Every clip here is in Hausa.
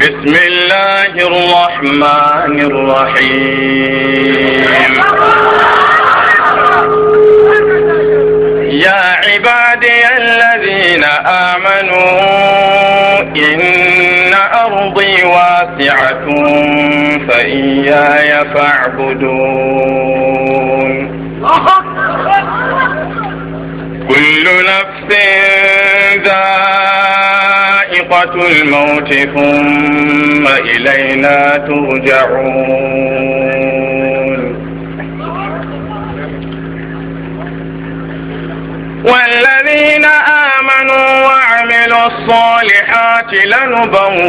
بسم الله الرحمن الرحيم يا عبادي الذين آمنوا إن أرضي واسعة فإياي فاعبدون الموت ثم إلينا ترجعون والذين آمنوا وعملوا الصالحات لنبوئنهم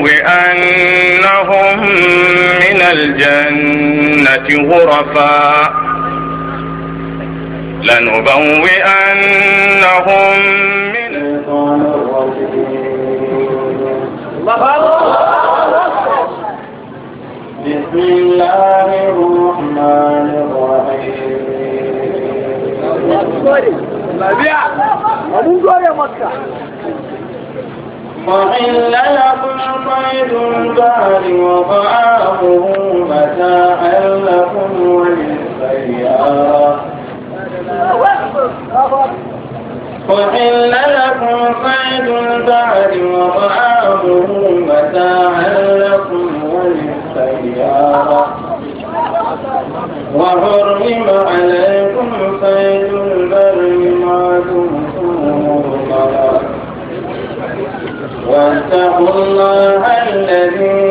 من الجنة غرفا لنبوئنهم من بسم الله الرحمن الرحيم وحل لكم صيد البحر وطعامه متاعا لكم وللسيارة أحل لكم صيد البحر وطعامه متاعا لكم وللسيارة وحرم عليكم صيد البر ما دمتم واتقوا الله الذي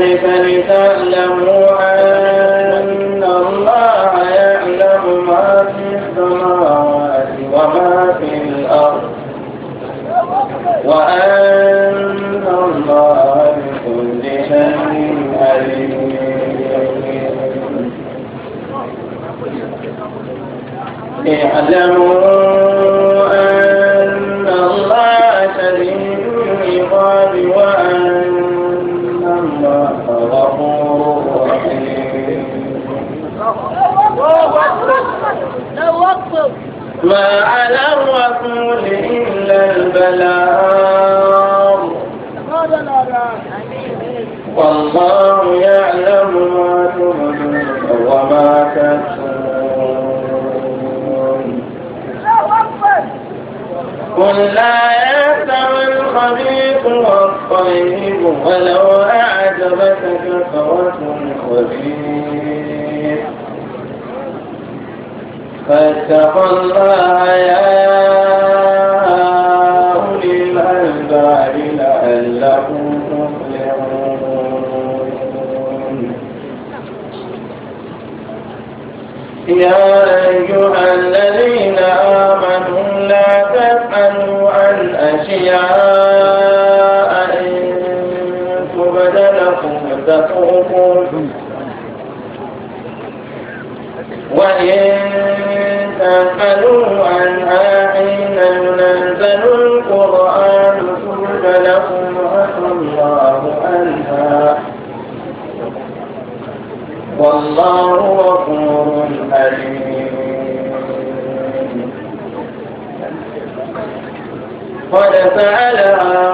ذلك لتعلموا أن الله يعلم ما في السماوات وما في الأرض وأن الله بكل شيء عليم اعلموا ما على الرسول إلا البلاغ والله يعلم ما تبدون وما تكتمون قل لا يأتم الخبيث والطيب ولو أعجبك كثرة الخبيث فاتقوا الله يا أولي الألباب لعلكم يا أيها الذين آمنوا لا تسألوا عن أشياء إن تسؤكم وإن سألوا عنها حين ينزل القرآن ثم لهم عفى الله عنها والله غفور حليم قد سألها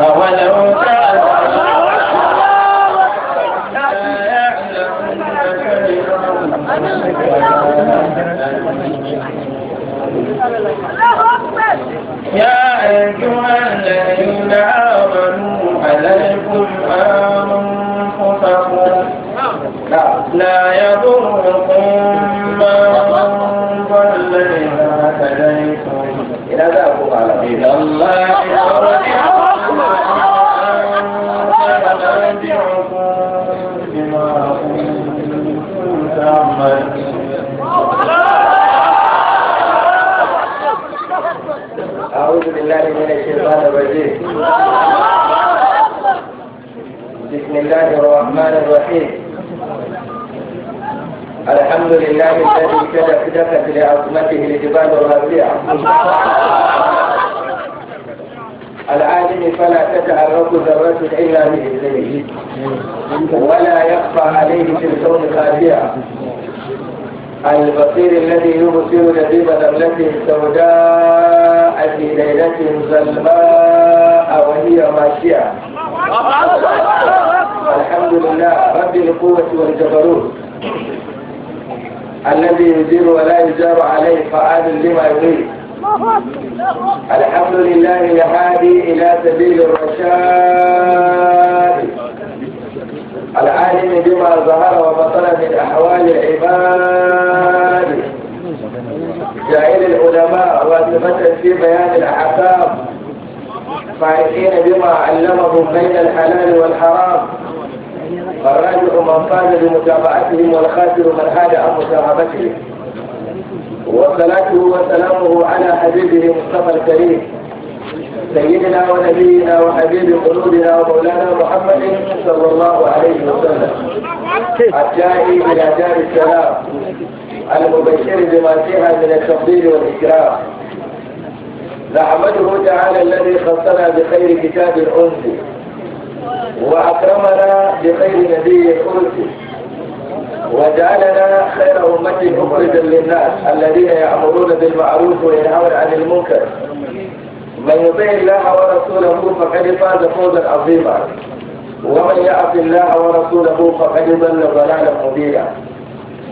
أولو كان يا أيها الذين آمنوا عليكم أنفسكم لا يضركم الله الرحمن الرحيم الحمد لله الذي سلكت لعظمته الجبال الرفيعة العالم فلا تتعرف ذرة إلا بإذنه ولا يخفى عليه في الكون خافية البصير الذي يبصر لبيب نملته السوداء في ليلة ظلماء وهي ماشية الحمد لله رب القوة والجبروت الذي يدير ولا يجار عليه فعال لما يريد الحمد لله الهادي إلى سبيل الرشاد العالم بما ظهر وبطل من أحوال العباد جاهل العلماء واثبت في بيان الأحكام فاعلين بما علمهم بين الحلال والحرام فالراجع من فاز بمتابعتهم والخاسر من هاد عن مشاهدتهم وصلاته وسلامه على حبيبه مصطفى الكريم سيدنا ونبينا وحبيب قلوبنا ومولانا محمد صلى الله عليه وسلم الجائي من دار السلام المبشر بما فيها من التفضيل والاكرام نحمده تعالى الذي خصنا بخير كتاب انزل وأكرمنا بخير نبي أرسل وجعلنا خير أمة مخرجا للناس الذين يأمرون بالمعروف وينهون عن المنكر من يطع الله ورسوله فقد فاز فوزا عظيما ومن يعص الله ورسوله فقد ضل ضلالا مبينا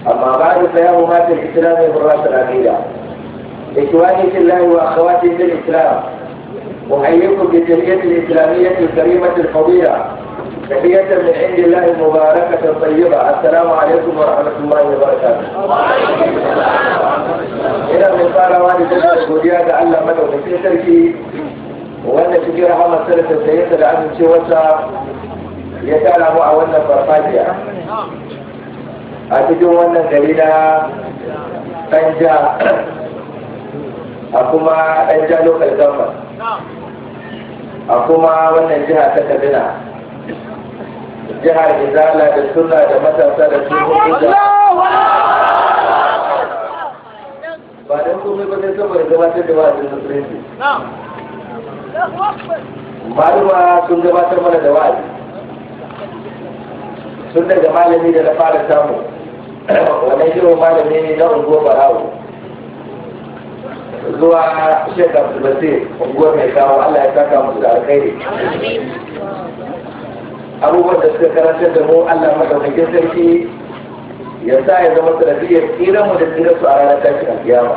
أما بعد فيا أمات الإسلام براس العقيدة إخواني في الله وأخواتي في الإسلام أحييكم بتحية الإسلامية الكريمة الفضيلة تحية من عند الله المباركة الطيبة السلام عليكم ورحمة الله وبركاته إلى من قال والد الأسعودية لعل مدعو في تركي وأن شكرا هم السلسة سيئة لعن شوتا يتالى هو أولا فرقاتيا أتجو أن دليل تنجا a kuma ɗan ja local government a kuma wannan jiha ta kaduna jihar izala da suna da matasa da su hudu ba don kuma ba sai saboda gabatar da wa'azin musulunci maluma sun gabatar mana da wa'azi sun daga malami da na fara samu wannan shirin malami na unguwar barawo zuwa shek abdulbasir unguwar mai kawo allah ya saka musu da alkhairi abubuwan da suka karanta da mu allah madaukakin sarki ya sa ya zama sanadiyar tsiran mu da tsiran su a ranar tashin alkiyama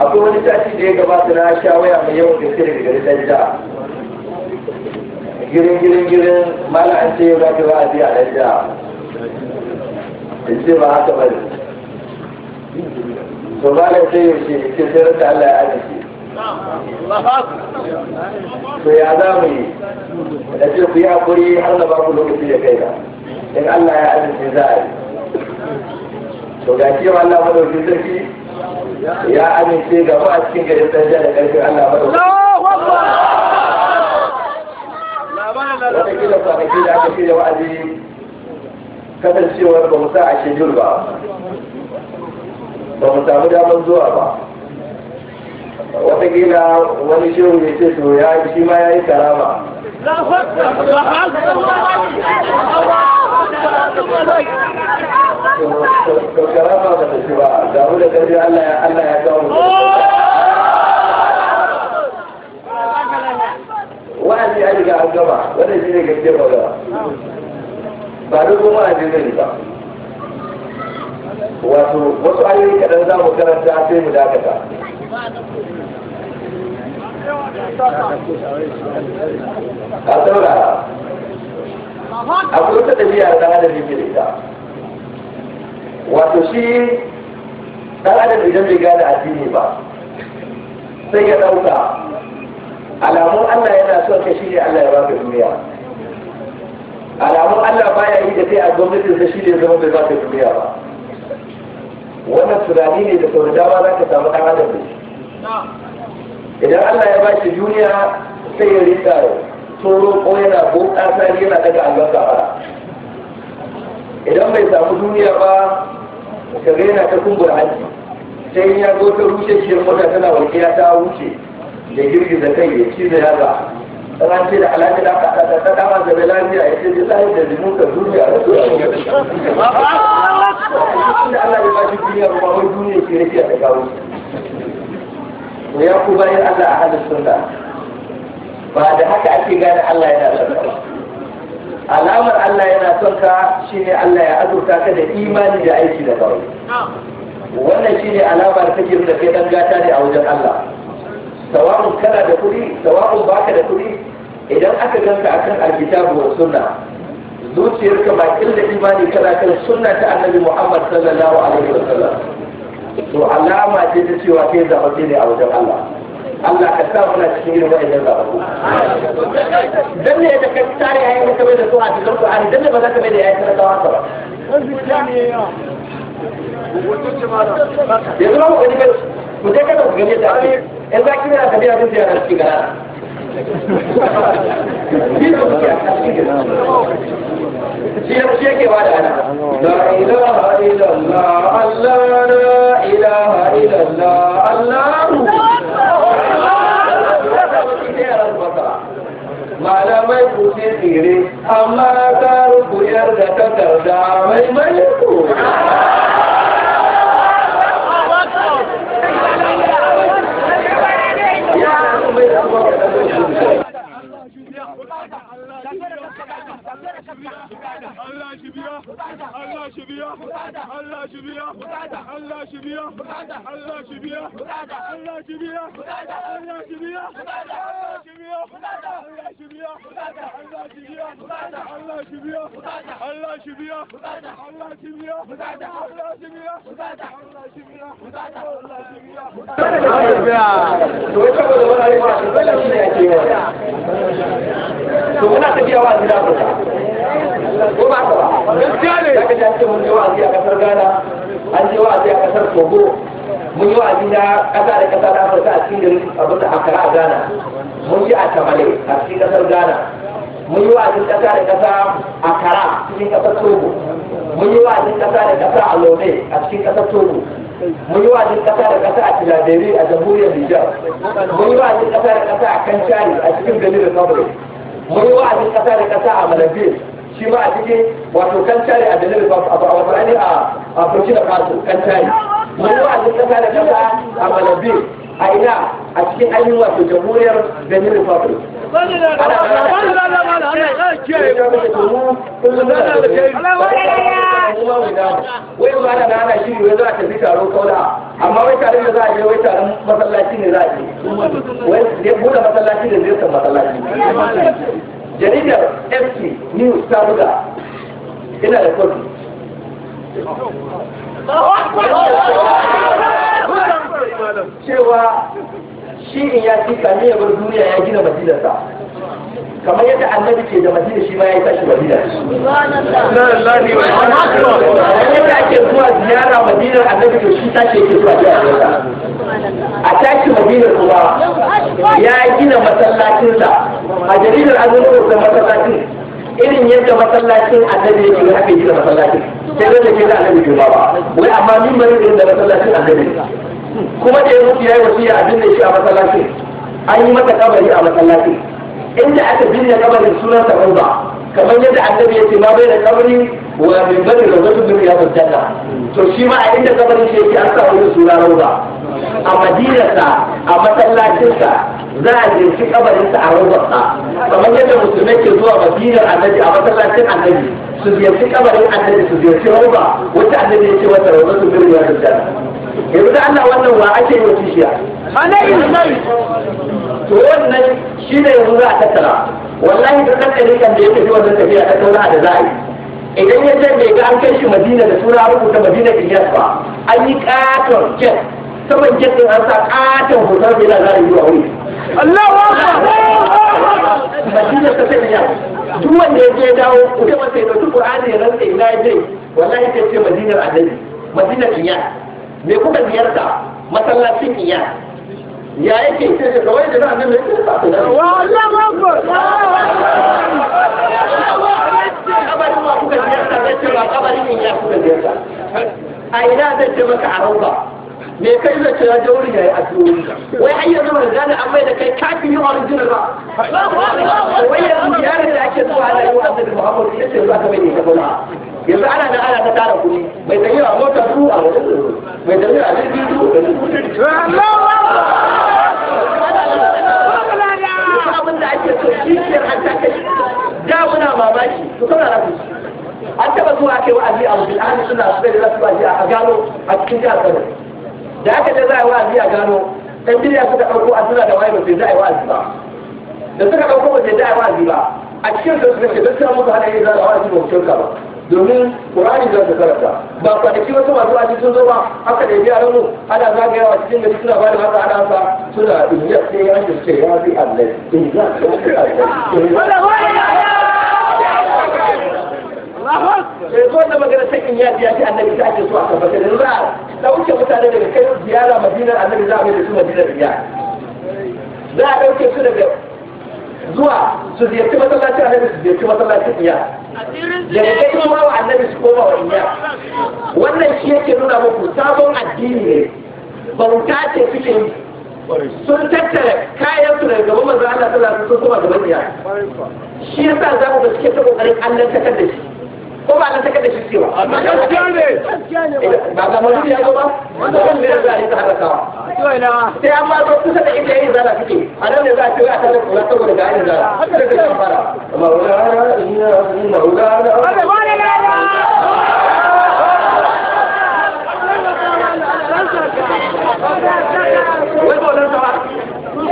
akwai wani tashi da ya gabata na shawaya mai yawan gaske daga gari dan girin girin girin mala an ce ba a wa'azi a dan in ce ba haka ne to ba da sai yaushe ke sai da Allah ya arziki to ya za mu yi da ce ku yi hakuri har na ba ku lokaci da kai ba in Allah ya arziki za a yi to ga shi Allah madauki sarki ya amince ga ba a cikin garin tsanja da karfin Allah madauki wata kila kwanaki da aka shirya wa'azi kasancewar ba mu sa a shejul ba ba mu samu damar zuwa ba watakila wani shirin ya ce to ya shi ma ya yi karama to karama ba ta ci ba damu da karfi Allah ya Allah ya kawo wa'azi an riga an gama wannan shi ne gaskiyar magana ba duk kuma an wa'azi zai ba wato wasu ayoyi kaɗan za mu karanta sai mu dakata a saurara akwai wata ɗabi'a da adam mai ita wato shi ɗan adam idan bai gane addini ba sai ya ɗauka alamun Allah yana son ka shi ne Allah ya ba baka duniya alamun Allah baya yi da kai a gwamnatin sa shi ne zama bai baka duniya ba wannan tunani ne da sau da dama za ka samu ɗan adam idan Allah ya ba shi duniya sai ya rika tsoro ko yana ƙasa yana daga albasa fara idan bai samu duniya ba ka ga yana ta kumbura hanci sai ya zo ta rushe shi mota tana walƙiya ta wuce da girgiza kai ya ci da yaza da alaƙi da aka ta ta da lafiya ya ce da lafiya da zimun ka duniya tunda Allah ya bashi duniya ba wai duniya ke rafiya da gawo to ya ku bayan Allah a halin sunna ba da haka ake gane Allah yana son ka alamar Allah yana son ka shine Allah ya azurta ka da imani da aiki da gawo wannan shine alamar ta girma da kai dan gata ne a wajen Allah sawa'un kana da kuɗi sawa'un baka da kuɗi idan aka ganka akan alkitabu wa sunna zuciyarka ba da imani kana kan sunna ta annabi Muhammad sallallahu alaihi wasallam to alama ce ta cewa kai zaɓaɓɓe ne a wajen Allah Allah ka sa muna cikin irin wa'annan zaɓaɓɓu dan ne da ka tare yayin ka bai da su a cikin Qur'ani dan ne ba za ka bai da yayin ka dawo ba yanzu ba ku gani ba mu dai kada ku gani da in za ki na tafiya mun ziyara cikin gara shi illallah allah illallah malamai ku ce tsire amma ka rubu yar da takarda mai mai ku الله شبيه الله شبيه الله شبيه الله شبيه الله شبيه الله شبيه الله شبيه الله شبيه الله شبيه الله شبيه الله شبيه الله شبيه الله شبيه الله شبيه الله شبيه to muna tafiya wa gida ko ba ka ba gaskiya ne da kaje ce mun yi wa'azi a kasar Ghana an yi wa'azi a kasar Togo mun yi wa'azi na kasa da kasa da Afirka a cikin abin da Accra a Ghana mun yi a Tamale a cikin kasar Ghana mun yi wa'azin kasa da kasa a Kara cikin kasar Togo mun yi wa'azin kasa da kasa a Lome a cikin kasar Togo mun yi wa'azin kasa da kasa a Tilaberi a jamhuriyar Nijar mun yi wa'azin kasa da kasa a Kancari a cikin Benin Republic mun yi wa'azin kasa da kasa a Malabir shi ma a cikin wato kan tare a dalilin wato ainihin a a da fasu kan tare wani wa'azin kasa da kasa a malabi a ina a cikin ainihin wato jamhuriyar benin republic da wai za amma wai taron da za a je wai masallaci ne za a je wai bude masallaci ne zai san masallaci jaridar fc news ta buga ina da kofi cewa shi in ya ci kami ya bar duniya ya gina madinarsa kamar yadda annabi ke da madina shi ma ya tashi madina kamar yadda ake zuwa ziyara madinar annabi to shi tashi yake zuwa ziyara a tashi madinar kuma ya gina masallacinsa a jaridar azumar da masallacin irin yadda masallacin annabi yake wani haka yi da masallacin sai zai da ke da annabi juma ba wai amma min bari irin da masallacin annabi kuma da ya mutu ya yi wasiya a binne shi a masallacin an yi mata kabari a masallacin inda aka binne kabarin sunan sa ba kamar yadda annabi yake ma bai da kabari wa min bari da wasu bin ya mutanda to shi ma a inda kabarin shi yake an sa wani sunan rauba a madinarsa a masallacinsa za a kabarin sa a robarsa kamar yadda musulmai ke zuwa madinar annabi a masallacin annabi su ziyarci kabarin annabi su ziyarci roba wata annabi ya ce wata roba su biyu ya rubuta yanzu da Allah wannan wa ake yi wa kishiya to wannan shi ne yanzu za a tattara wallahi da ɗan ɗari kan da ya tafi wannan tafiya ta tauna da za a yi idan ya ce bai ga an kai shi madina da suna rubuta madina ilyas ba an yi ƙaton jet saman jet ɗin an sa katon hoton bai za a yi wa wuri Allahu Akbar duk wanda ya je dawo ku ce masa ya dauki Qur'ani ya rantsa ina je wallahi sai ce Madinar Annabi Madinar Iya me kuka ziyarta masallacin Iya ya yake ce da kawai da nan ne wa Allah akbar kabarin wa kuka ziyarta zai ce ba kabarin Iya kuka ziyarta a ina zai ce maka a rauba me kai da cewa jauri da ya addu'o'i wai har yanzu ba gane an mai da kai kafin yin original ba wai yanzu yaran da ake zuwa ana yi wa annabi muhammadu ya ce zuwa ka mai ne ka zauna yanzu ana da ana ta tara kuɗi mai tafiya a motar su a wajen mai tafiya a jirgin su da su abin da ake so shi ke an ta kai da muna mamaki to saurara ku an taɓa zuwa kai wa'azi a wajen ahli suna su da za su ba a gano a cikin jihar kano da aka ce za a yi wa'azi a gano ɗan bidiya suka ɗauko a suna da waye ba sai za a yi wa'azi ba da suka ɗauko ba sai za a yi wa'azi ba a cikin da suka ce dukkan muka hada yin zara wa'azi ba kyauta ba domin ƙur'ani za su karanta ba kwanaki wasu masu wa'azi sun zo ba aka da biya ranu ana wa cikin da suna ba da haka ana sa suna injiya sai ya ce ya bi Allah in za Allah zo da magana sakin ya biya ta annabi ta ce su a tabbatar da Dauke mutane daga kai ziyara madinar annabi za a mai da su madinar riya za a ɗauke su daga zuwa su ziyarci masallacin annabi su ziyarci masallacin iya daga kai kuma wa annabi su koma wa iya wannan shi yake nuna muku sabon addini ne bauta ce suke sun tattara kayan su daga gaban manzo Allah sallallahu alaihi wasallam sun koma gaban iya shi yasa za mu ga suke ta kokarin Allah ta da shi ko ba ka take da a cewa gaskiya ne ba ga eh, mutum ya zo ba wannan ne za a yi ta halakawa sai amma zo kusa da inda yayin zara suke a nan ne za a ce za a tattara kula saboda ga yayin zara haka da kan fara maulana inna maulana Allah maulana Allah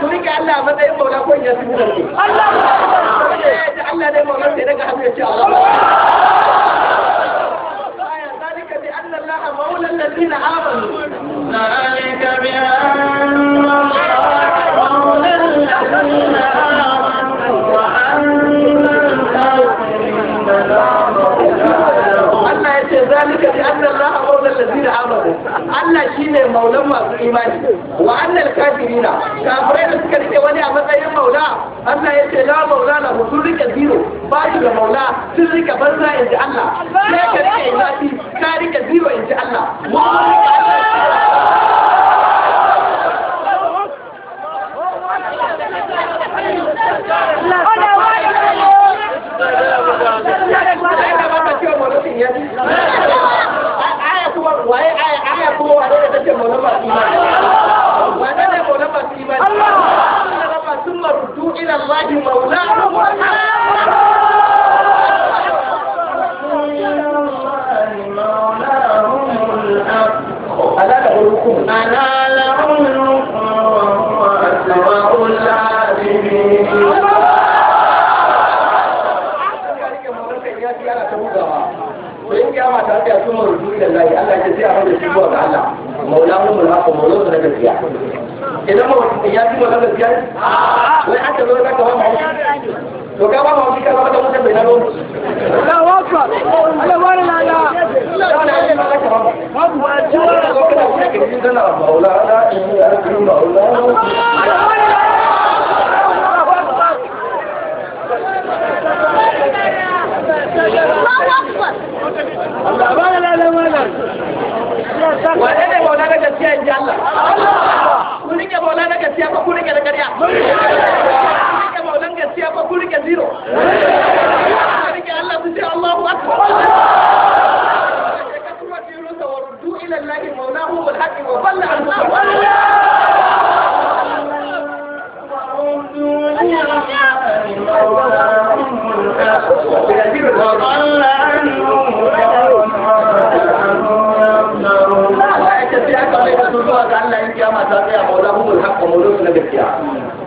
su rike Allah a matsayin maula ko ya su zarge Allah Allah ne maula sai daga hannu ya ce Allah ذلك بأن الله مولى الذين آمنوا ذلك بأن الله مولى الذين آمنوا وأن الكافرين لا مولى لهم ذلك بأن الله da tazir Allah shi ne maulan masu imani wa annal kafirina kafirai da suka rike wani a matsayin maula Allah ya ce la maula la mu sun rike zero ba shi da maula banza in ji Allah sai ka rike imani ka rike zero in ji Allah waye aya aya kuma waye da take mona masu imani waye ne mona masu imani Allah rama summa rudu ila Allah maulahum ألا لهم الحكم وهو أسماء الله ila Allah ya sai a fara shi zuwa ga Allah maulahum al haqq maulahu da gaskiya idan ba ya ji magana gaskiya wai aka zo ka kawo mu to ka ba mu shi ka ba ka mutum bai la wafa la wala la la la ka ka ka ki dana maulana Wane ne maula na gaskiya in ji Allah? Ku rike maula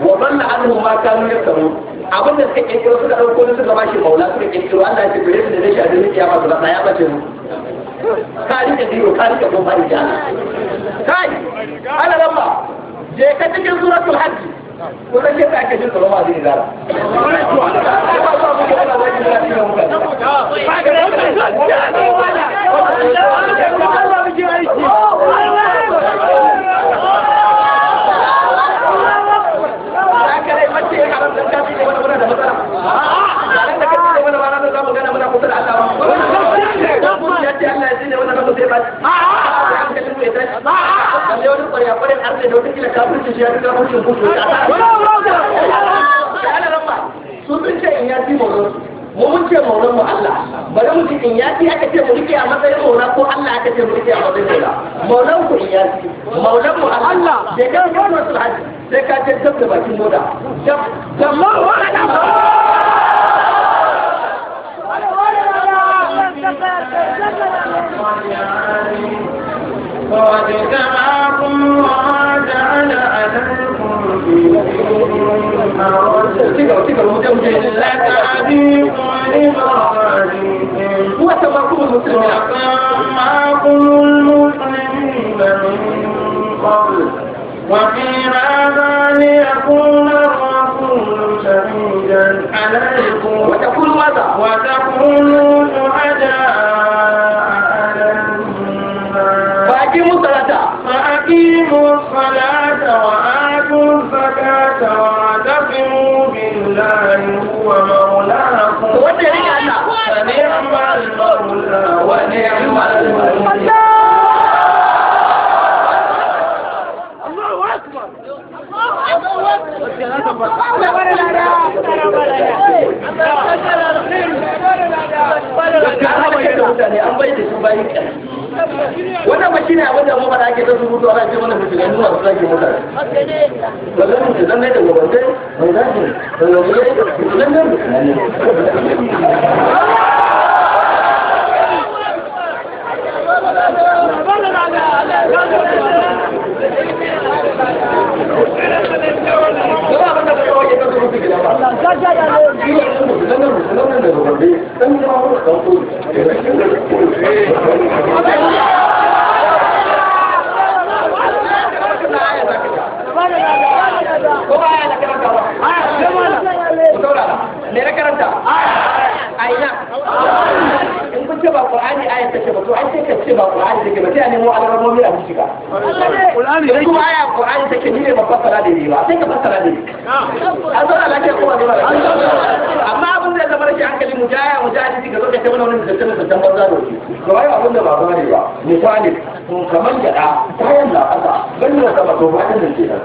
وضل عنهم ما كانوا يفترون abin da suka kirkiro suka ɗauko ne suka bashi maula suka Allah ya ce bare da nashi a duniya kiyama su ba ya bace mu ka rike dino ka rike je cikin suratul ko dan yadda ake jin tsoron ma zai zara ba ga wannan ƙwarya ƙwarin arzai da wata kila kafirci shi ya fi kafircin kuku ya ta su sun ce in ya fi mu mun ce maulan mu Allah bari mu ce in ya fi aka ce mu rike a matsayin maula ko Allah aka ce mu rike a matsayin maula maulan ku in ya fi maulan mu Allah da kan wani wasu hajji sai ka ce gab bakin moda gab gab ma wani Thank you. قد جمعكم وجعل عليكم فيهم حرجا ملة أبيكم إبراهيم وسماكم المسلمين وسماكم المسلمين من قبل وفي هذا ليكون الرسول شهيدا عليكم وتكونوا وتكونوا شهداء أقيموا الصلاة وآتوا الزكاة واعتصموا بالله هو مولاكم فنعم المولى ونعم المولى shi ne abin da mu faɗa ake ta rubutu ana ce mana fitilan nuna su sake mutane. Ba zan mutu zan da gobe mai zafi mai lomiyai fitilan Thank you. ko ba ya aya ne na aya aina in ba qur'ani aya take ba ai sai ka ce ba qur'ani a nemo a ciki ka qur'ani kuma da ni ke amma abin da zama rashin hankali mujaya mujahidi ga zo ka ce mana wannan da tsanin da tambar zaro ki ga wai abin da ba ba ne ba to kamar gada bayan na kasa ban da kama to bayan da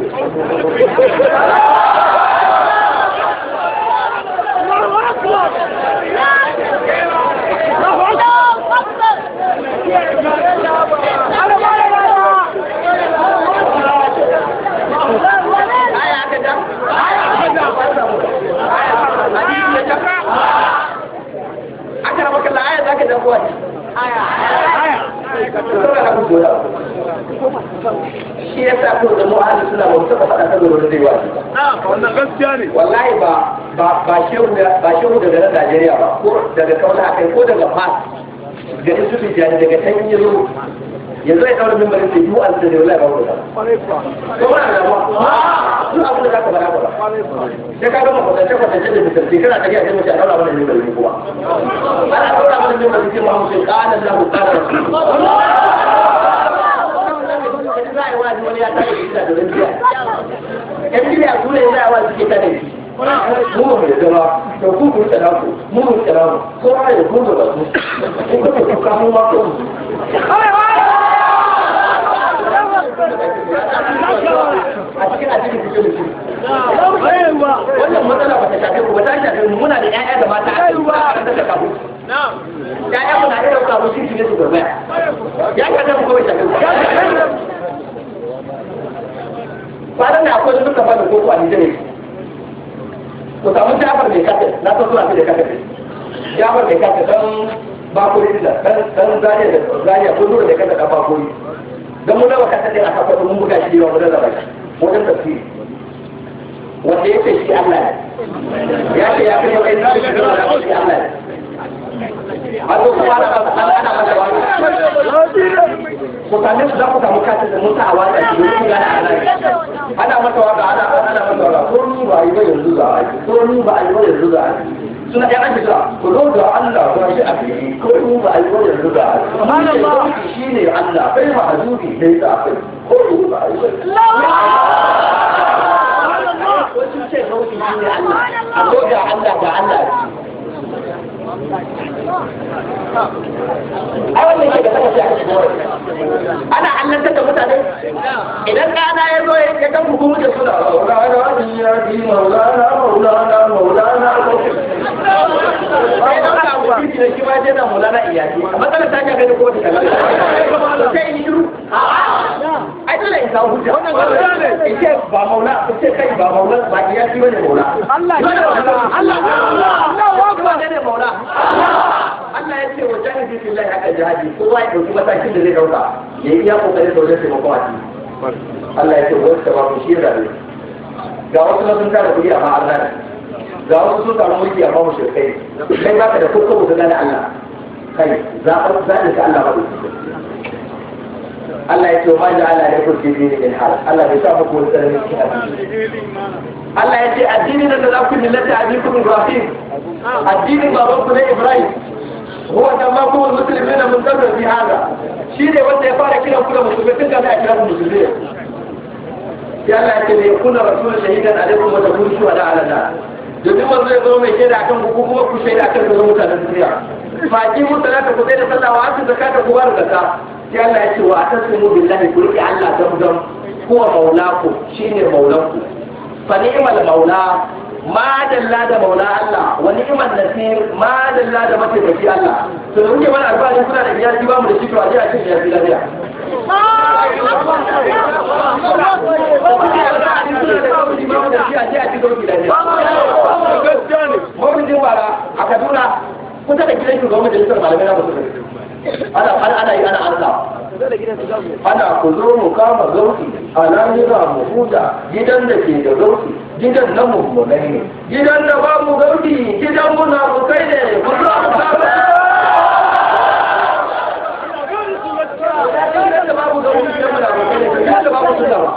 ke Aya, aya, aya. shi ya sa kuma da ahli suna ba taba faɗa kan zuwa da zaiwa wannan gaskiya ne wallahi ba ba shehu ba shehu daga nan Najeriya ba ko daga kauna kai ko daga Fas gari su bi jani daga can yanzu yanzu ya daura mimbarin da yiwu aljanna wallahi ba ko da ko ba da ba duk abin da za ka bada ba sai ka gama kwatance kwatance da misalci kana tafiya a mace a daura mana ne bari kuma ana daura mana ne bari sai Muhammad sai qala Allahu qala Rasul da domin biya. Yan biya su ne za a wa ta da shi. mu mai zama da ku ku tsara ku mu mu tsara ku ko ai ku da ku ku ne ka mu ma ku a cikin addinin kuke da shi wannan matsala ba ta shafe ku ba ta shafe mu muna da ƴaƴa da mata a cikin ba da kafu ƴaƴa mu na irin kafu shi ne su gurbaya ya kaza mu kawai shafe ku kwanan da akwai suka fada ko ku a nijirin ku samu jafar mai kafin na san suna fi da kafin jafar mai kafin don bakuri da dan zariya da zariya ko dole da da bakuri don mu nawa kasa din aka mun buga shi yawa mu da zaba wajen tafsiri wanda ya ce shi Allah ne ya ce ya fi yawai na shi da shi Allah ne kuma ana ba ana ana ba wani. Mutane su za ku samu kati da mutu a wata shi ne ga ana ana mata ana ana mata ko ni ba yi ba yanzu za a yi ko ni ba yi ba yanzu za a yi. suna ya an fita ku roƙa Allah ba shi a fili ko yi ba a yi wajen ruga shi ne Allah bai ma hazubi ne ta ko yi ba a yi wajen wasu ce shi ne Allah a roƙa Allah ba Allah ce ai ne da kake ana hannun da mutane idan kana ya zo ya ga ku mutum suna maulana ya ji maulana maulana maulana sai da ba shi ne shi ba yana maulana iyaki matsalar ta ga ne ko ta kallon sai ni duru ai dole in samu d'a wannan gaskiya ne in ba maula ce kai ba maula ba iyaki bane maula Allah Allah Allah wane ne maula Allah ya ce wa jahidi billahi haka jihadi kowa ya dauki matakin da zai dauka ya yi iya kokarin da wajen taimakon a Allah ya ce wasu da ba ku shi da ga wasu na sun tara kuɗi amma Allah ne ga wasu sun samu mulki amma mu shirkai kai ba ka da Allah kai a zaɓin ka Allah ba Allah ya ce ma da Allah ya kurce dini min hal Allah bai sa muku wani tsarin cikin addini Allah ya ce addini da za ku millata abikum Ibrahim addinin ku ne Ibrahim huwa musulmi na mun qabl fi hada ne wanda ya fara kiran ku da musulmi tun kafin a kira ku musulmi ya Allah ya ce ne kuna rasul shahidan alaikum wa takunu shuhada ala Allah domin manzo ya zama mai shaida akan ku kuma ku shaida akan ku mutanen duniya fa ki mutane ku ku da sallah wa azu zakata ku da zakata sai Allah ya ce wa atasimu billahi ku rike Allah zamzam ko maulaku shine ku fa ni'mal maula ma dalla da maula Allah wa ni'mal nasir ma dalla da mataimaki Allah to da kuke mana alfahari kuna da iyaki ba mu da shi aje a ce ya fi lafiya Mawurin jin bara a Kaduna kusa da gidan shugaban majalisar malamai na musulmi. ana ana ku zo mu kama zauki alamira mu huta gidan da ke da zauki gidan na ne gidan da ba mu zauki gidan ne ku zo mu kama gidan da ba mu zauki gidan ne gidan da babu zauki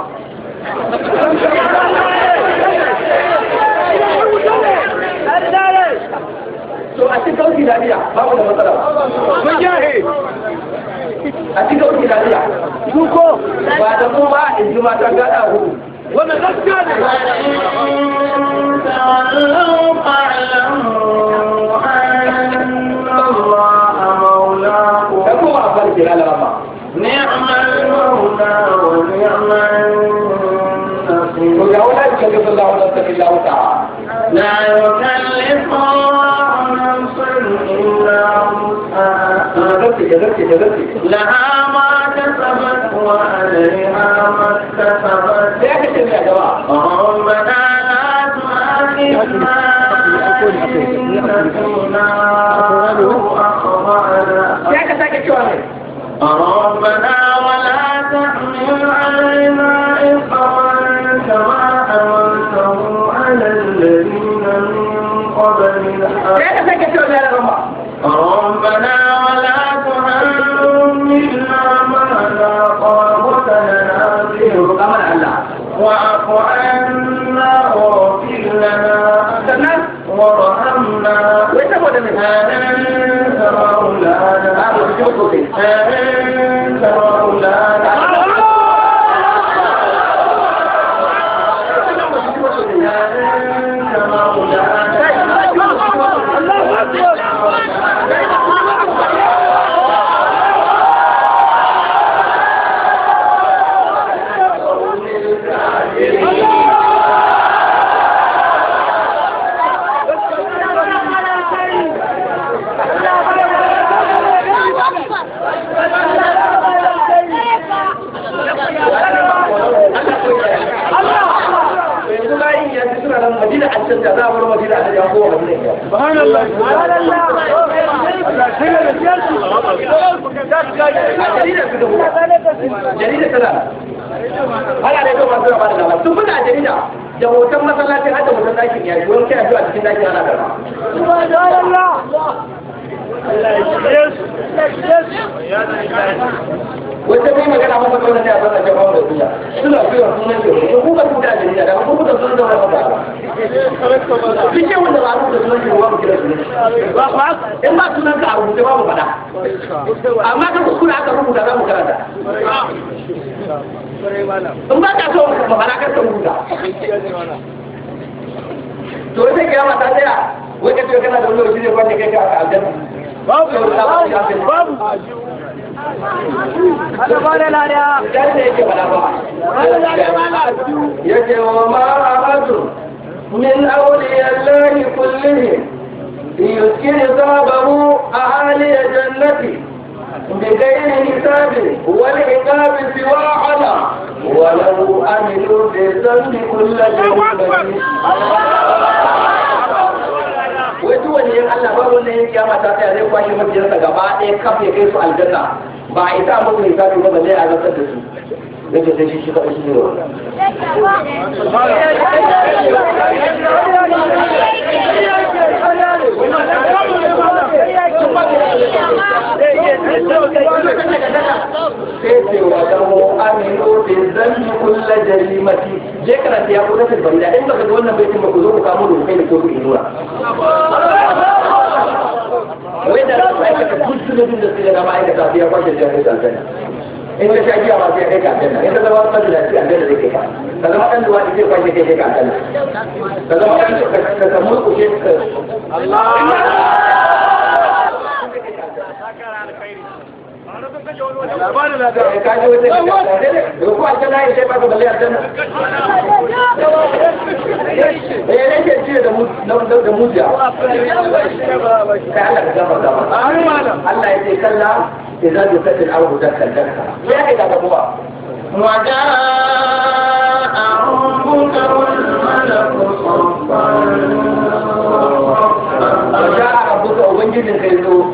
jami'a ba ku da matsala mun yahe a cikin ku jami'a su ko ba da mu ba in ji mata gada hudu wannan gaskiya ne نعم المولى ونعم النصير. ويقول لك الله لا تكلف الله تعالى. لا يكلف الله لها ما كسبت وعليها ما اكتسبت ربنا لا تؤاخذنا إن نسينا أو أخطأنا ربنا ولا تحمل علينا إصرا كما حملته على الذين من قبلنا ربنا ولا تحملنا ما لا طاقة لنا به واعف عنا واغفر لنا وارحمنا أنت مولانا أنت مولانا المدينة حسنت أمام المدينة أهل يقوم سبحان الله سبحان الله جريدة ثلاثة هل على يوم أبو عبد الله تفضل جريدة da hoton masallacin hada hoton ɗakin ya yi wani kai addu'a cikin ɗakin ana karba. Subhanallah. Allah ya yes yes. wata mai magana muku da wannan yaran da ba da duya suna biyo sunan da ko ku ba da duya da ku da sunan da ba ba kike wanda ba ku da sunan da ba ku da sunan ba ba in ba sunan ka abu da ba mu fada amma ka kuskura aka rubuta za mu karanta in ba ka so mu fara ka rubuta to sai kiyama ta tsaya wai ka kana da wani wajen da kwanne kai ka aljanna babu babu Ana ba da lariya. Dan ne da lariya Yake wa ma abadu min awliyallahi kullihim ليسكن ثوبه أهالي جنتي بغير حساب والعقاب سوى على ولو أملوا بالذنب كل جنبتي wai duk wani Allah babu ne ya kiyama ta tsaya kwashe mabiyarsa gaba ɗaya kaf ya kai su aljanna ba a isa abin mai sabi kuma zai a da su yadda sai shi kaɗa shi ne wannan cewa zamo aminu kulla ya in baka ga wannan baitin ba ku zo ku kamo da kai da ko ku wai da da da ma biya kwashe in ka kai in ka zama kai ka zama duwa kwashe kai ka zama ka samu Allah da mujiya Allah ya ce kalla idan da sakin arhu da kallar zo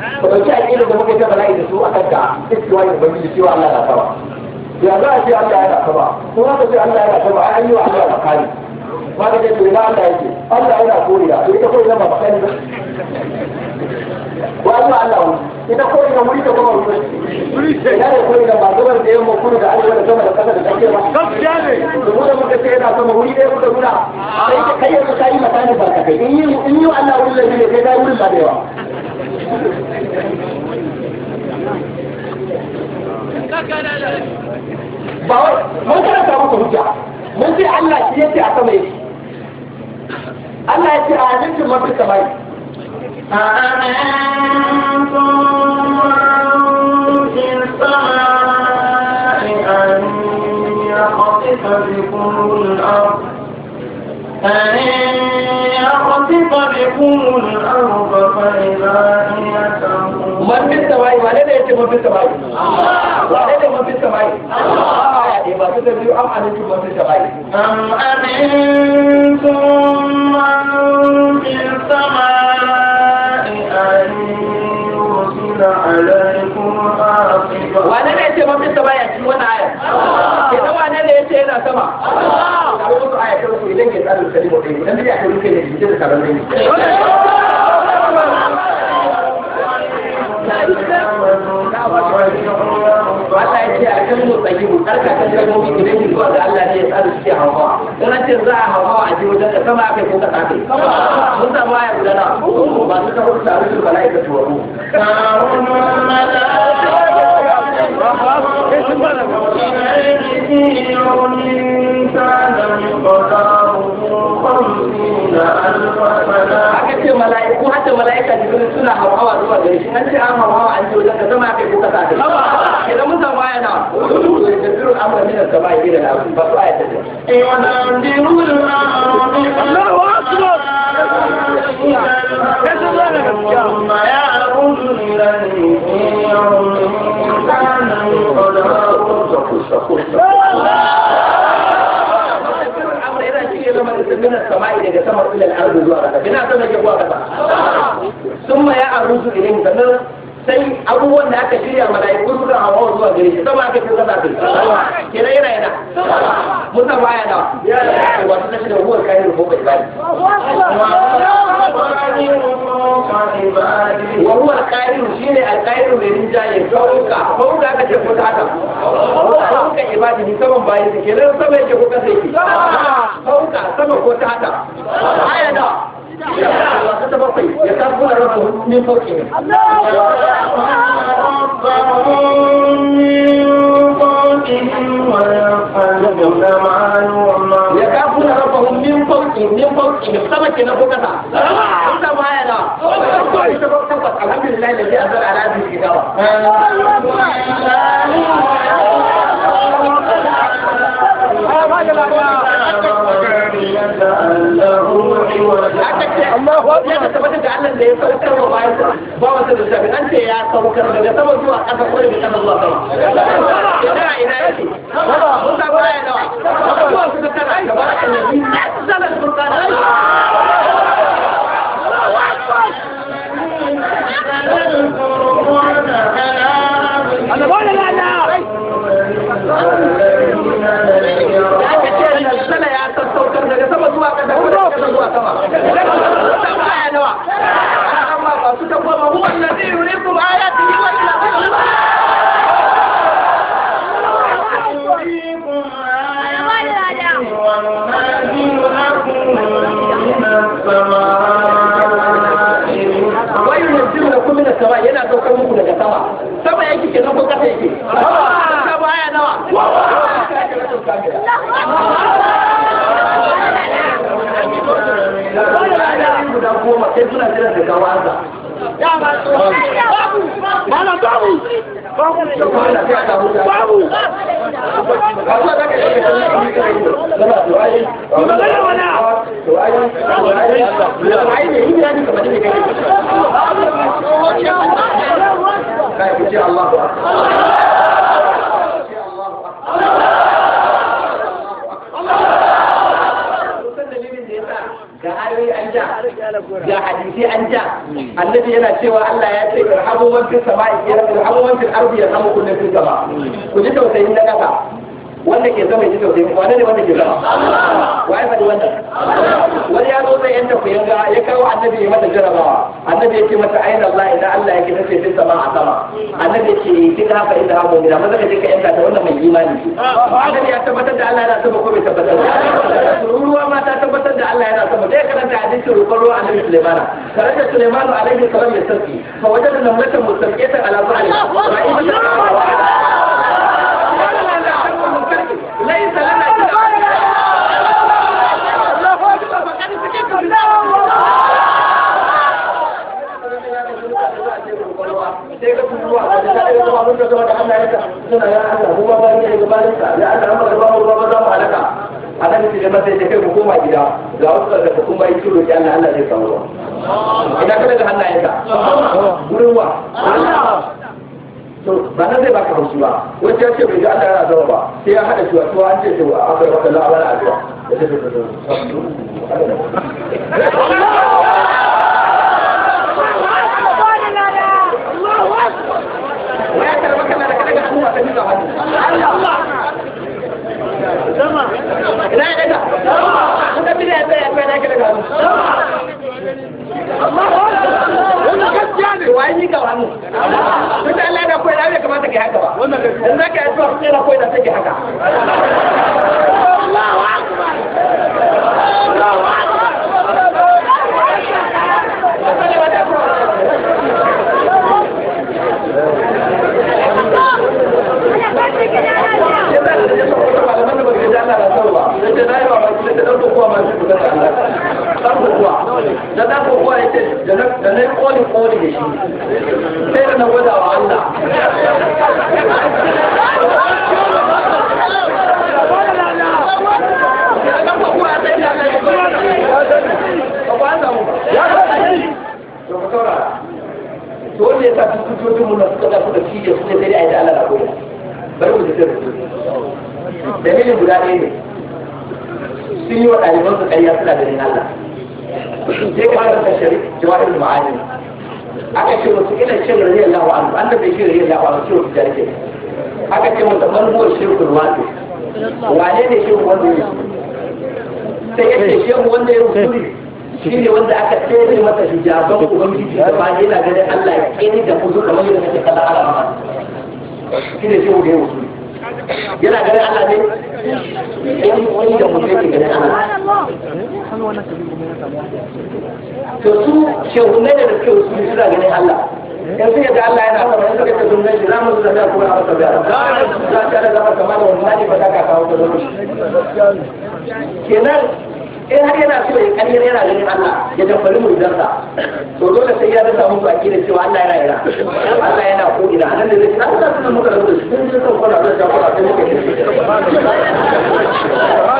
ka ɗauki aƙidar da muka ta bala'i da su a kanka iskiwa da ubangiji cewa Allah na sama ya za a ce Allah yana sama ko haka ce Allah yana sama an yi wa Allah makani ba ka ce to Allah yake Allah yana koriya to ita koriya ba makani ba ko Allah Allah wuri ita koriya ta kuma ina ne koriya ba da yamma kudu da arewa da sama da kasa da tsakiya ba gaskiya ne da mu da muka ce yana sama wuri ɗaya kuka nuna sai ka kai yanzu ka yi makani ba ka kai in yi Allah da ne kai ka yi wurin ba da yawa ba mun mun karanta muku hujja mun ce Allah shi yace a sama yake Allah ya yace a hadisin mafi samai ce mafi samai wane ne mafi ne ba su da biyu an mafi samai am amintum ne fil samai an yusila alaikum hasiba wane ne ce mafi a cikin wannan aya ke ta wane ne ya ce yana sama kawo musu aya kan idan ke tsarin kalimomi idan ya rufe ne jikin da karon ne Allah ya ce a kan mu tsaki mu karka kan kan mu ki dai zuwa ga Allah ne ya tsara shi hawa Kana ce za a hawa a ji wajen da sama akai ko ka tafi mun ta baya guda na ba su ta hukunta su bala'i ka tuwa mu ta'awun mala'a aka ce mala'iku hatta mala'ika jibril suna hawa zuwa gare shi an ce an hawa an ce wajen ka zama kai kuka sa kai idan mun samu aya na jibril amma min sama yi da abu ba su aya ta ce eh wannan dirul Allahu akbar kasu zana gaskiya ya Allah من السماء إلى السماء إلى الأرض زوارة بنا سمع جوارة ثم يا أرز إليه سنة sai abubuwan da aka shirya mala'iku suka hawa zuwa gare shi sama aka kuka zafi kenan yana yana musa baya da wato na shirya huwar kayan ko bai bari wa huwa alqahiru shine alqahiru mai rinjaye fauka fauka aka ce ko ta haka fauka ibadi ni saman ko fauka sama ko ta haka aya da ta bakwai ya kafu da rabu min fauki ne ya kafu da rabu min fauki min fauki ne sama ke na bukata ta baya da alhamdulillah da zai azar ala bin gidawa amma ya tabbatar da Allah da ya saukar wa bayan ba wata da sabi an ce ya saukar daga sama zuwa ƙasa kuma daga sama zuwa sama ina ina yake baba mun ta baya nawa baba su da kana gaba da annabi ya tsala qur'ani Allahu akbar Allah wala la la هو الذي يريكم آياته وإلى sama yana daukar muku daga sama sama yake ke nan ko kasa yake sama aya nawa goma sai suna jiran da kawo ansa ga hadisi an ja annabi yana cewa Allah ya ce irhamu man fis sama'i irhamu man fil ardi yarhamukum min fis sama ku ji tausayin na kasa wanda ke sama ji tausayi wanda ne wanda ke sama wai faɗi wanda wani ya zo zai yanta kuyan ga ya kawo annabi ya mata jarabawa annabi ya ce mata aina Allah idan Allah yake nace fi sama a sama annabi ce kin haka idan ha gobe maza ka je ka yanta ta wannan mai imani annabi ya tabbatar da Allah yana sama ko bai tabbatar ba ruwa ma ta tabbatar da Allah yana sama sai karanta hadisin roƙon ruwa annabi Sulaimana karanta Sulaimanu alaihi salam ya sarki fa wajada namlatan mustaqiyatan ala fa'ali ra'ibatan ala ليس لنا الله أكبر فقد سكت Allah ne da mata gida ina kada hannayenka wa Allah to ba nan zai baka haushi ba wacce ce bai ga Allah yana zama ba sai ya hada shiwa an ce to a akwai wata la'a wani addu'a da ta fito wannan gaskiya ne wai ni ga wannan tun da Allah da koyi da bai kamata kai haka ba wannan gaskiya in zaka yi to sai da koyi da take haka da na kokowa ya ce da na koli koli da shi sai da na gwada wa Allah dole ya sa duk mu na suka da suka ci da suke sai da ayyuka Allah na koya bari mu tafi da dalilin guda ɗaya ne sun yi wa ɗaliban su ƙarya suna ganin Allah zai fara da shari'a jawabin ma'adin aka ce wasu ina ce rariyar lawa an da bai ce rariyar lawa an wasu jarke aka ce wasu ɓarbuwar shirkun wato wane ne shirkun wanda ya sai ya ce shirkun wanda ya rusuri shi ne wanda aka tsere masa hijaban ubangiji da ba yana ganin Allah ya tsere da kuzo kamar yadda kake kallon Allah shi ne shirkun da ya rusuri yana ganin Allah ne wani da mutum ne to da kyau su suna ganin Allah yanzu yadda Allah yana sama yanzu kake zungan shi zamu zuwa da kuma a tabbata za ka da zama kamar wani ba za ka kawo da lokaci kenan in har yana so ya karyar yana ganin Allah ya tabbali murjansa to dole sai ya rasa musu akida cewa Allah yana yana Allah yana ko ina nan da zai Allah sun muka rubuta shi sun kan kwana da ta kwana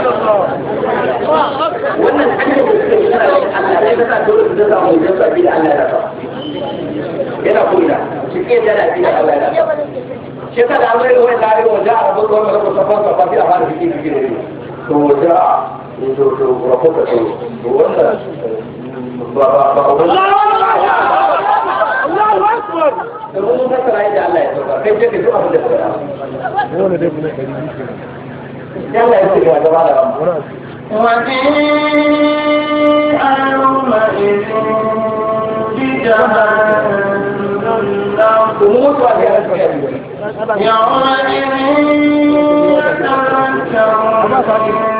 muka wannan akida da suke yana Allah sai ka sa dole su rasa murjansa akida Allah yana yana ko ina shi da akida Allah yana shi ka da amurka wani tare wanda a rabu da wani rabu safan a fara fikin fikin to da وجيء يومئذ بجهنم يومئذ يتذكر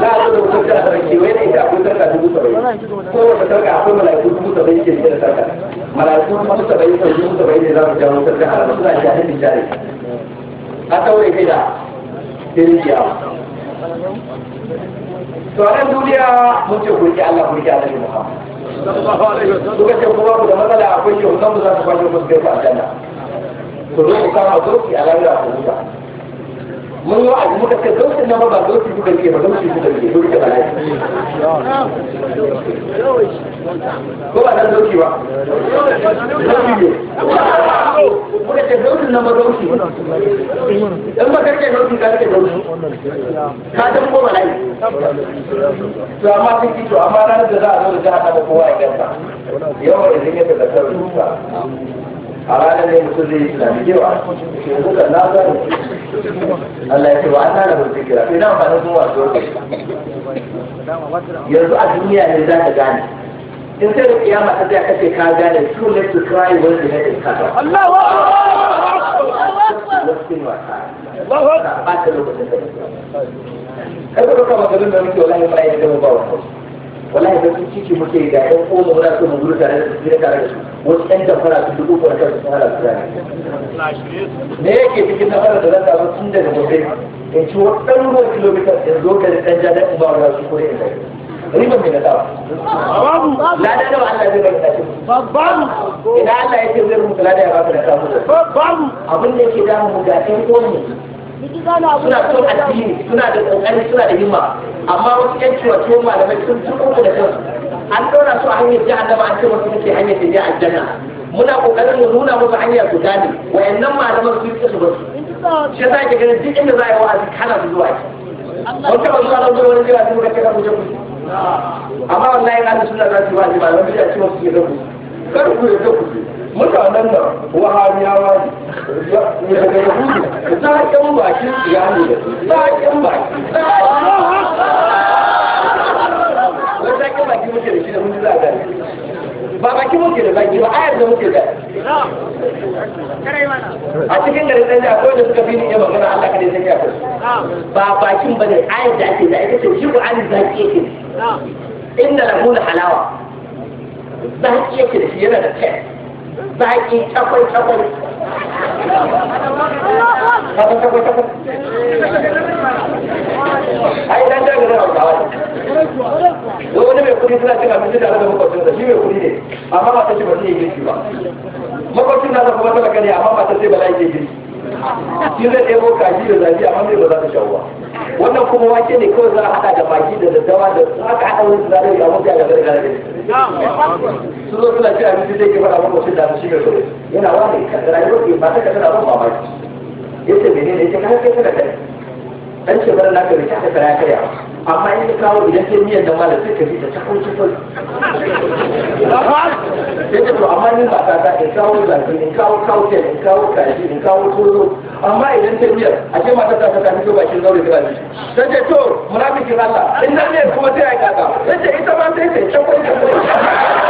za a zuba wata sarka da kewaye da ita akwai sarka dubu saba'in ko wata sarka akwai mala'iku dubu saba'in ke da sarka mala'iku dubu saba'in sau dubu saba'in ne za su jawo sarka haram suna shahidin jari a daure kai da irin kiyawa to duniya mun ce kurki Allah kurki Allah ne Muhammad kuka ce kuma ku da matsala akwai kyautan mu za su kwashe musu kai ku aljanna ku zo ku kama zo ki alaƙa ku huta mun yi wa'azi muka ce gausin nan ba gausi kuka ce ba gausi kuka ce ko kuka bala'i ko ba nan gausi ba gausi ne muka ce gausin nan ba gausi in ba karke gausi ka rike gausi ka san ko bala'i to amma sun ki to amma ranar da za a zo da jihar na kowa ya gasa yawan idan ya tazakar rufa a ranar ne mutum zai yi tunani cewa yanzu da na zan Allah ya ce wa an da mutum kira sai na amfani kuma wasu wata yanzu a duniya ne za ka gane in sai da kiyama ta zai kace ka gane su ne su cry when the head is cut off Allah wa Allah wa ba ta lokacin da kai ba ka maganin da muke wallahi ba ya gama ba wa wallahi da sun ciki muke da ɗan ƙoma muna so mu gudu da su tare da su wasu ɗan damfara su duk ko da sun hana su zane me yake cikin damfara da zaka ba tun daga gobe in ci wasu ɗaruruwan kilomita in zo da ɗan jada in ba wa su ko da in zai riba mai nasa babu lada da Allah zai bai tashi babu idan Allah ya ce zai rubuta lada ya ba ka nasa babu abin da yake damu ga ɗan ƙoma suna son addini suna da kokari suna da himma amma wasu yan ciwato malamai sun ci uku da kansu an ɗora su a hanyar jihar da ba an ce wasu suke hanyar da jihar aljanna muna kokarin mu nuna musu hanyar su gane wayannan malaman su yi su basu shi yasa ke ganin duk inda za a yi wa'azi kana su zuwa mun taɓa zuwa nan zuwa wani jira sun ga kira mu je amma wallahi na da suna za su yi wa'azi ba zan bi da ciwon su ke zan karfe ku ya ku mutanen nan wahaniyawa ne ya daga yahudu zaƙen bakin tsiyani da su zaƙen baki ta zaƙen baki muke da shi da mun zaga ba baki muke da baki ba ayar da muke da a cikin gari ɗan akwai da suka fi ni iya magana Allah ka dai sai ba bakin ba ne ayar da ake da ita ce shi Qur'ani zaki yake inna lahu halawa zaki yake da shi yana da kai zaki takwai takwai takwai takwai takwai ai dan dan da rawa wani mai kudi suna cin abinci tare da makwabcin da shi mai kudi ne amma ba ta shi ba zai yi girki ba makwabcin na da kuma talaka ne amma ba ta sai bala'i zai girki shi zai ɗebo kaji da zafi amma mai ba za ta shawo ba wannan kuma wake ne kawai za a haɗa da magi da daddawa da su aka haɗa wani zafi da mutu ya gaba da gaba su zo suna cewa mutu zai ke faɗa wani wasu da shi mai kawai yana wani rayuwar ke ba ta ka tana ba mamaki ya ce menene ya ce ka haka tana kai dan ce bari na ka rike haka ya karya amma in ka kawo idan ke miyan da malam sai ka ji ta cakon cikin sai ka to amma ni ba ka ta in kawo zafi in kawo kauce in kawo kaji in kawo tozo amma idan sai miyan a ce mata ta ta fito bakin zaure ta gaji sai ce to munafikin Allah in nan ne kuma sai ya kaka sai ce ita ma sai ta cakon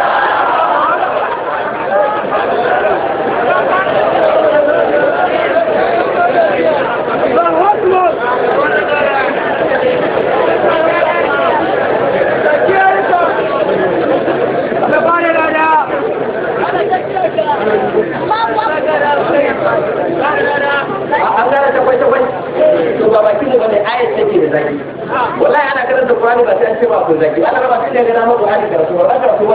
ba bakin mu bane ayat take da zaki wallahi ana karanta Qur'ani ba sai an ce ba ko zaki ana ba sai ga na da Rasul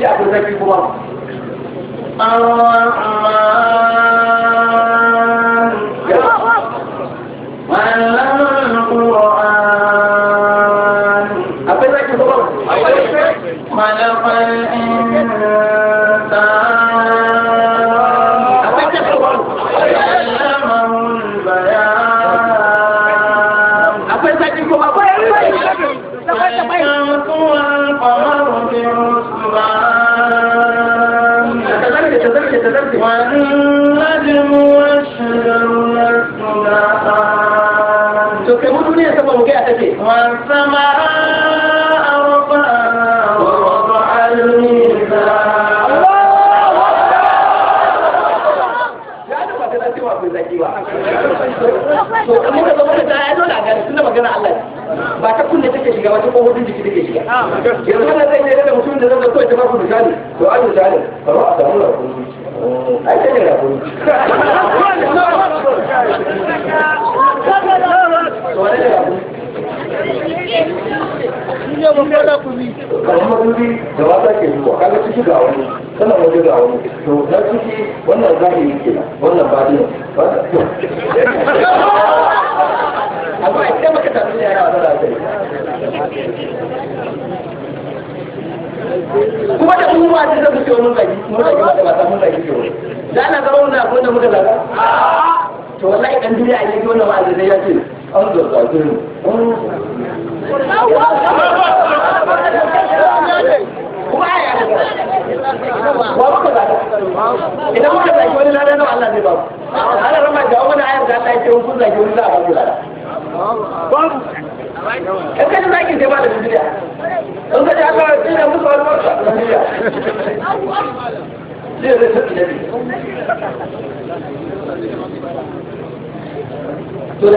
ya zaki kuma ar to in muka zama da tsaya dole a gane tunda magana Allah ba ta kunne take shiga ba ta kofofin jiki take shiga ah. yanzu wannan zai ne da mutum da zai kawai ta misali to an misali baro a samu rakuni ai ta ne da wata ke zuwa kaga ciki ga wani, sannan waje ga wani. To na ciki wannan zahiri kenan, wannan batinin. amma kuma da kuma ba mun zagi mun zagi mun zagi da zama muna da muka zaga to wallahi dan duniya ne ke wannan wa'azi ne ya an zo idan muka wani Allah zai ba mu ana rama ayar da Allah ya ce wani kun wani za a ba mu ka ji zaƙi sai ba da bibiya musu wani da bibiya shi ne zai to da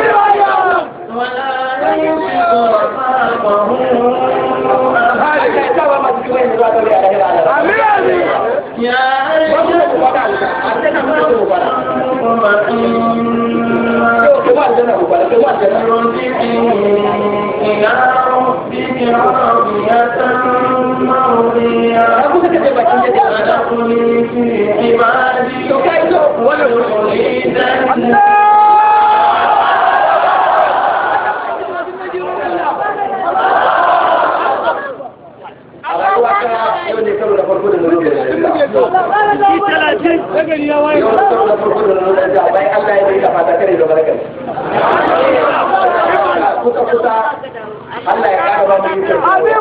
náà tó padà. yóò fi wá àjẹ́ náà kó padà fi wá àjẹ́ náà. ìrọ̀lẹ́ Allah ya kara ba mu yi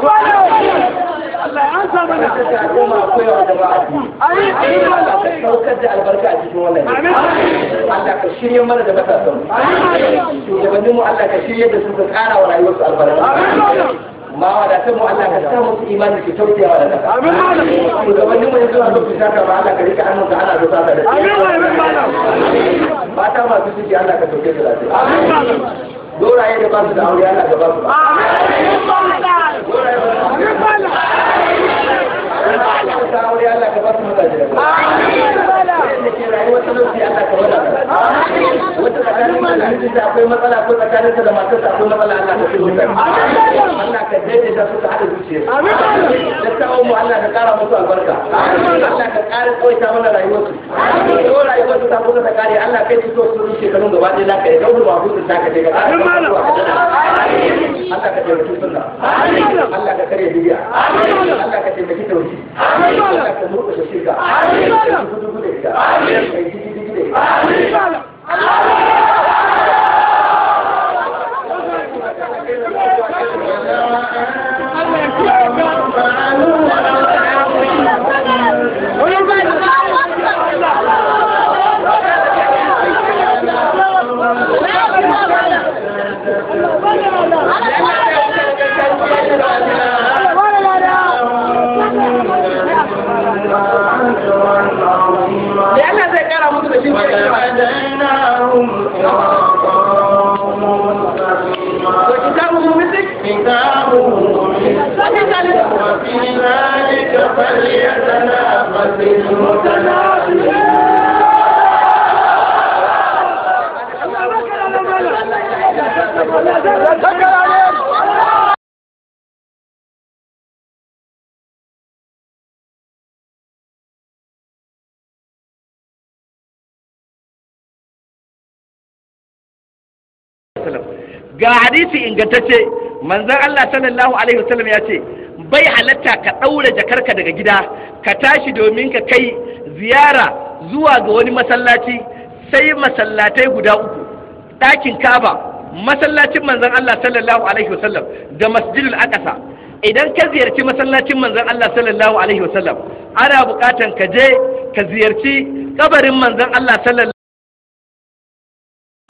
Allah ya ansa mana Allah da Allah mana Allah su ka kara wa rayuwarsu albarka amin ma wadatar mu Allah ka sa musu imani su tauke wa da amin malam shugabannin mu yanzu ko lokacin saka ba Allah ka rika hannun ka ana dosa ka da amin malam mata su ji Allah ka tauke su lafiya amin malam doraye da ba su da aure Allah ka ba su amin malam doraye ba su amin Allah ka ba su mata amin malam da ke rayuwar talauci Allah ka ba tsakanin malamin da akwai matsala ko tsakanin da matarsa akwai matsala Allah ka shigo ta Allah ka su hada zuciya amin da mu Allah ka kara musu albarka Allah ka kara koita mana rayuwar su ko rayuwar su ta ta kare Allah kai su su rushe gaba ɗaya naka ya dauki ba hutun je ka amin Allah ka sunna amin Allah ka kare amin Allah ka taimaki amin Allah ka murƙushe shirka amin Allah ka amin Amém. ga hadisi ingantacce manzon Allah sallallahu alaihi wasallam ya ce bai halatta ka ɗaure jakarka daga gida ka tashi domin ka kai ziyara zuwa ga wani masallaci sai masallatai guda uku ɗakin kaba masallacin manzon Allah sallallahu alaihi wasallam da masjidul aƙasa. idan ka ziyarci masallacin manzon Allah sallallahu alaihi wasallam ana buƙatan ka je ka ziyarci kabarin manzon Allah sallallahu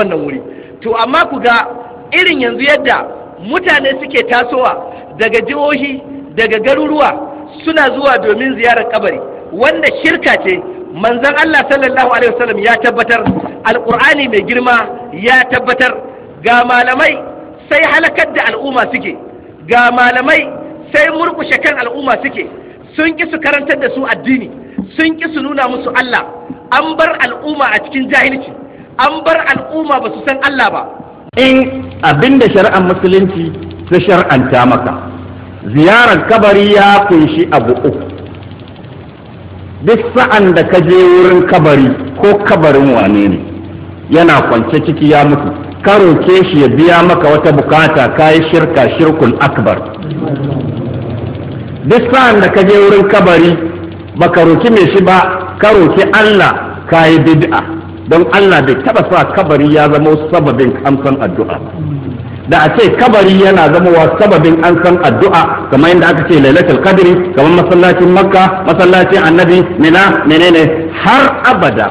wannan wuri to amma ku ga irin yanzu yadda mutane suke tasowa daga jihohi daga garuruwa suna zuwa domin ziyarar kabari wanda shirka ce manzon Allah sallallahu alaihi wasallam ya tabbatar alqur'ani mai girma ya tabbatar ga malamai sai halakar da al'umma suke ga malamai sai murkushe kan al'umma suke sun ki su karantar da su addini sun ki su nuna musu Allah an bar al'umma a cikin jahilci an bar al'umma ba su san Allah ba in abinda shari'ar musulunci ta shar'anta maka ziyarar kabari ya kunshi abu uku duk sa'an da ka je wurin kabari ko kabarin wane ne yana kwance ciki ya mutu ka roke shi ya biya maka wata bukata ka yi shirka shirkun akbar duk sa'an da ka je wurin kabari ba ka roki mai shi ba ka roki Allah ka yi bid'a don Allah bai taba sa kabari ya zama sababin amsan addu'a da a ce kabari yana zama wa sababin an san addu'a kamar yadda aka ce lailatul qadri kamar masallacin makka masallacin annabi mina menene har abada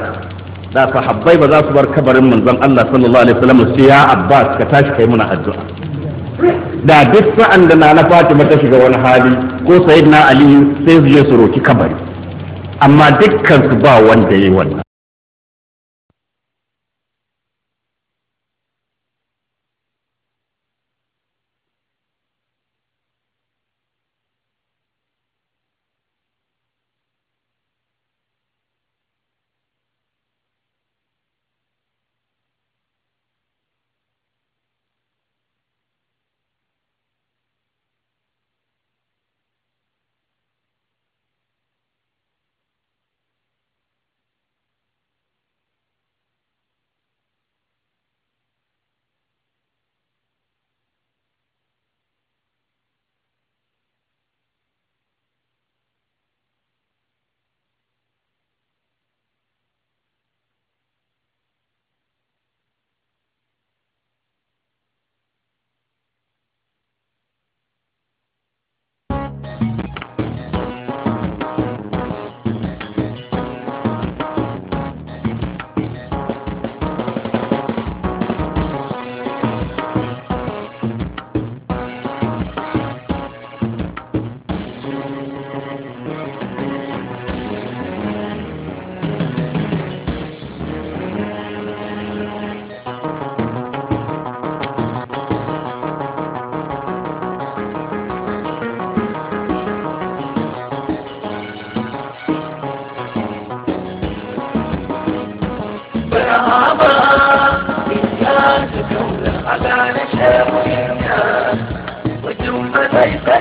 da sahabbai ba za su bar kabarin manzon Allah sallallahu alaihi wasallam sai ya Abbas ka tashi kai muna addu'a da duk sa'an da na Fatima ta shiga wani hali ko Sayyidina Ali sai su je su roki kabari amma dukkan su ba wanda yayi wannan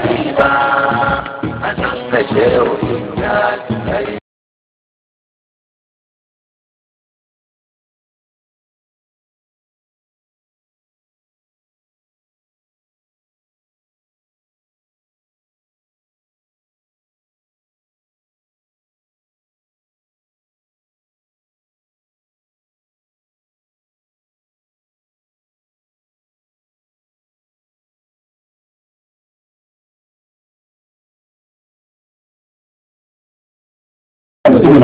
قريبا أنا الشيء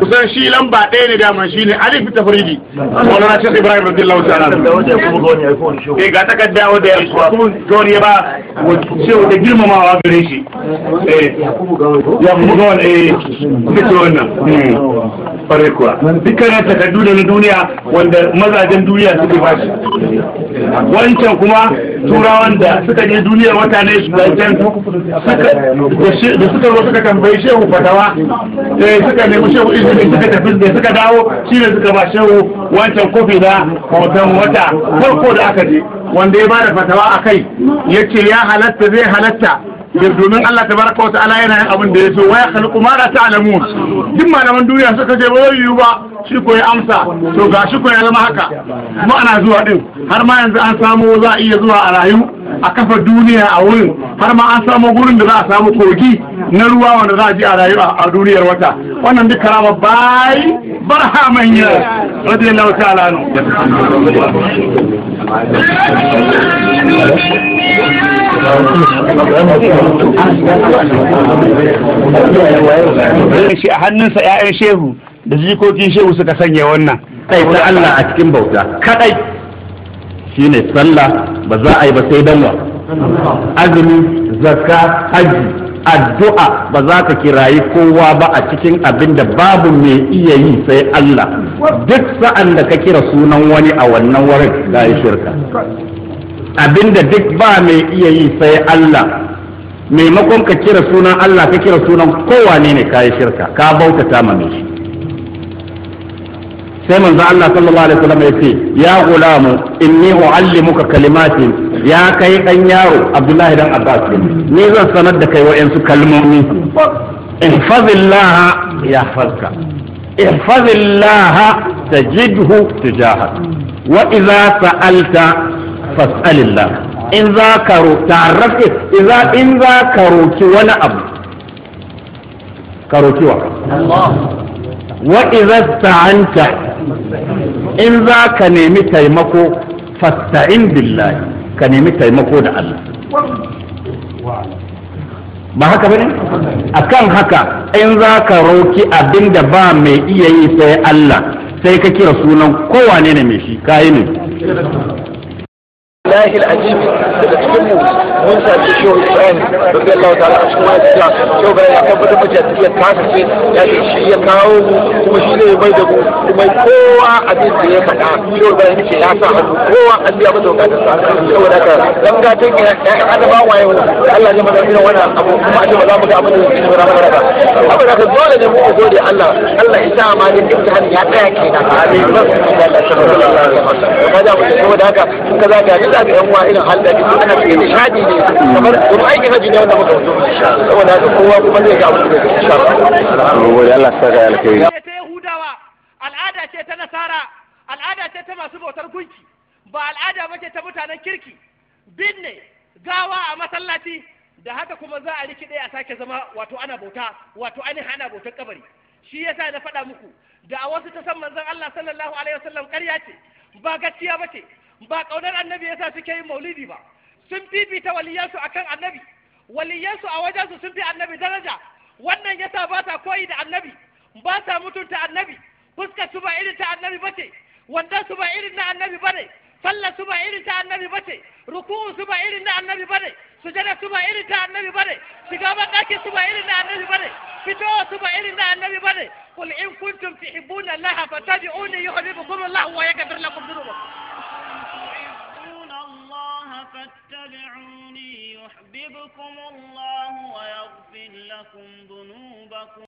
kusan shi lamba ɗaya ne dama shi ne alif tafridi na shekh ibrahim radiyallahu ta'ala eh ga takarda da ya kuma goni ya ba shehu da girmamawa gare shi eh ya kuma goni eh duk wannan hmm. kwarai kuwa dukkanin takardu da na duniya wanda mazajen duniya suke ba shi wancan kuma turawan da suka je duniyar wata ne su can da suka zo suka tambayi shehu fatawa da eh, suka nemi shehu izini suka tafi da suka dawo shi ne suka ba shehu wancan kofi na hoton wata farko da aka je wanda ya bada fatawa a kai ya ce ya halatta zai halatta domin Allah ta baraka wata ala yana yin abin da ya so waya khalqu ma ta alamu. duk malaman duniya suka ce ba yiwu ba shi ko ya amsa to ga shi ko ya zama haka kuma ana zuwa din har ma yanzu an samu za a iya zuwa a rayu a kafa duniya a wurin har ma an samu gurin da za a samu kogi na ruwa wanda za a ji a rayu a duniyar wata wannan duk karama bai barha manya radiyallahu ta'ala no shi a hannunsa 'ya'yan shehu da jikokin shehu suka sanya wannan kai ta Allah a cikin bauta kadai shine sallah ba za a yi ba sai danwa azumi zakka haji addu'a ba za ka kirayi kowa ba a cikin abin da babu mai iya yi sai Allah duk sa'an da ka kira sunan wani a wannan wurin da ya shirka abin da duk ba mai iya yi sai Allah maimakon ka kira sunan Allah ka kira sunan kowane ne ka yi shirka ka bautata ma mai shi sai manzo Allah sallallahu alaihi wasallam ya ce ya gulamu inni uallimuka kalimatin ya kai dan yaro Abdullahi dan Abbas ne zan sanar da kai wayansu kalmomi ihfazillah yahfazka ihfazillah tajidhu tujahak wa idza sa'alta fas'alillah in za ka roki in za ka roki wani abu ka roki wa wa idza sta'anta in za ka nemi taimako fasta'in billahi ka nemi taimako da Allah ba haka bane akan haka in za ka roki abin da ba mai iya yi sai Allah sai ka kira sunan kowane ne mai shi kayi ne والله العجيب daga cikin da mu kuma kowa abin da ya a ce ba za mu ga abin da gode Allah Allah isa ma ne tafiya ga yan uwa irin halda ne ana ce nishadi ne kamar kuma aikin haji ne wanda muka zo saboda haka kowa kuma zai ga abin da ke insha Allah Allah saka alkhairi ta Yahudawa al'ada ce ta Nasara al'ada ce ta masu bautar gunki ba al'ada ba ce ta mutanen kirki binne gawa a masallaci da haka kuma za a rikide a sake zama wato ana bauta wato ani hana bautar kabari shi yasa na faɗa muku da a wasu ta san manzon Allah sallallahu alaihi wasallam ƙarya ce ba ba ce. ba kaunar annabi yasa suke yin maulidi ba sun bibita waliyansu akan annabi waliyansu a wajensu sun fi annabi daraja wannan yasa ba ta koyi da annabi ba ta mutunta annabi fuskar su ba irin ta annabi ba bace wanda su ba irin na annabi ba ne? sallar su ba irin ta annabi ba bace ruku'u su ba irin na annabi ba ne? sujada su ba irin ta annabi bane shiga banɗaki su ba irin na annabi ba ne? fitowa su ba irin na annabi ba bane qul in kuntum tuhibbuna allaha fattabi'uni yuhibbukum allah wa yaghfir lakum dhunubakum الله فاتبعوني يحببكم الله ويغفر لكم ذنوبكم